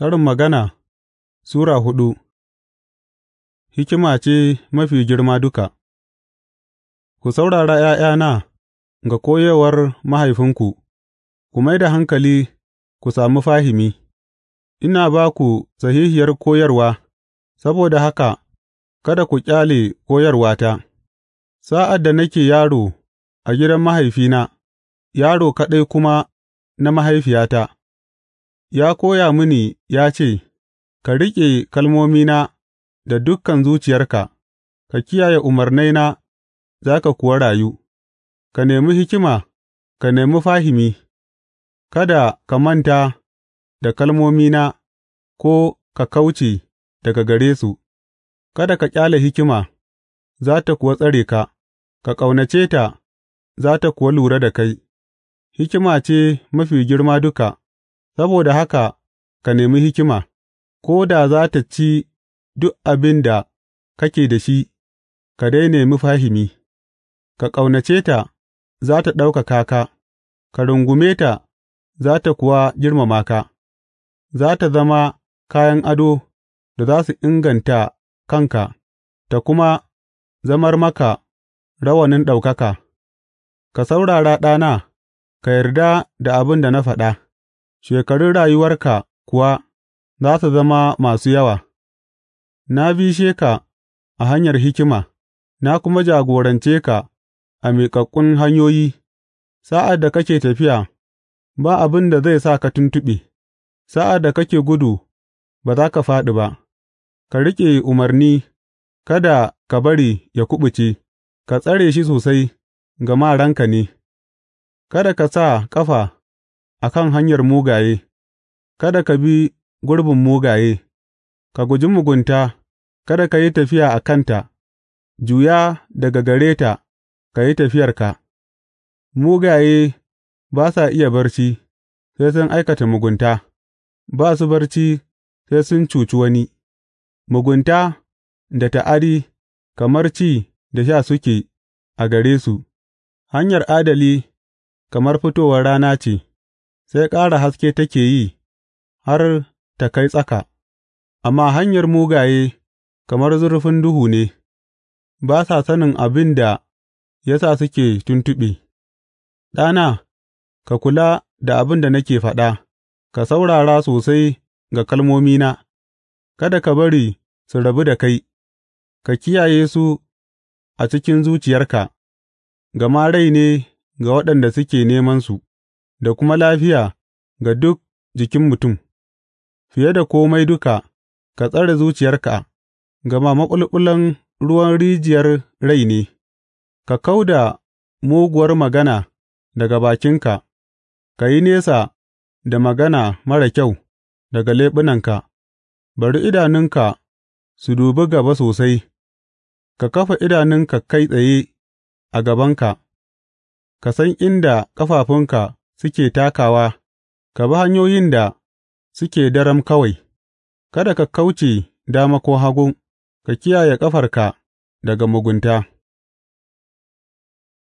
Karin Magana Sura hudu Hikima ce mafi girma duka Ku saurara ’ya'yana ga koyarwar mahaifinku, ku mai da hankali ku sami fahimi, ina ba ku sahihiyar koyarwa, saboda haka kada ku ƙyale koyarwata, sa'ad da nake yaro a gidan mahaifina, yaro kaɗai kuma na mahaifiyata. ya koya mini ya ce, Ka riƙe kalmomina da dukan zuciyarka, ka kiyaye umarnaina za ka kuwa rayu; ka nemi hikima, ka nemi fahimi, kada ka manta da kalmomina ko ka kauce daga gare su, kada ka ƙyale hikima, za tă kuwa tsare ka, ka ƙaunace ta, za ta kuwa lura da kai, hikima ce mafi girma duka. Saboda haka ka nemi hikima, ko da za ta ci duk abin da kake da shi, ka dai nemi fahimi; ka ƙaunace ta, za tă ɗaukaka ka, ka rungume ta, za tă kuwa girmama ka; za tă zama kayan ado da za su inganta kanka ta kuma zamar maka rawanin ɗaukaka, Ka saurara ɗana, ka yarda da abin da na faɗa. shekarun rayuwarka kuwa za su zama masu yawa; na bishe ka a hanyar hikima na kuma jagorance ka a miƙaƙƙun hanyoyi; sa'ad da kake tafiya, ba abin da zai sa ka tuntuɓe, sa'ad da kake gudu, ba za ka faɗi ba; ka riƙe umarni kada ka bari ya kuɓuce, ka tsare shi sosai, gama ranka ne; kada ka sa ƙafa. a kan hanyar mugaye, kada ka bi gurbin mugaye, ka guji mugunta, kada ka yi tafiya a kanta, juya daga gare ta ka yi tafiyarka, mugaye ba sa iya barci, sai sun aikata mugunta, ba su barci sai sun cuci wani, mugunta da ta'adi kamar ci da sha suke a gare su, hanyar adali kamar fitowar rana ce. sai ƙara haske take yi har ta kai tsaka, amma hanyar mugaye kamar zurfin duhu ne, ba sa sanin abin da ya sa suke tuntuɓe. Ɗana, ka kula da abin da nake faɗa, ka saurara sosai ga kalmomina, kada ka bari su rabu da kai, ka kiyaye su a cikin zuciyarka, gama rai ne ga waɗanda suke neman su. da kuma lafiya ga duk jikin mutum, fiye da kome duka, ka tsare zuciyarka, gama maƙulƙulan ruwan rijiyar rai ne, ka kau da muguwar magana daga bakinka, ka yi nesa da magana mara kyau daga leɓunanka, bari idanunka su dubi gaba sosai, ka kafa idanunka kai tsaye a gabanka, ka san inda ƙafafunka suke takawa, ka bi hanyoyin da suke daram kawai; kada ka kauce dama ko hagu, ka kiyaye ƙafarka daga mugunta.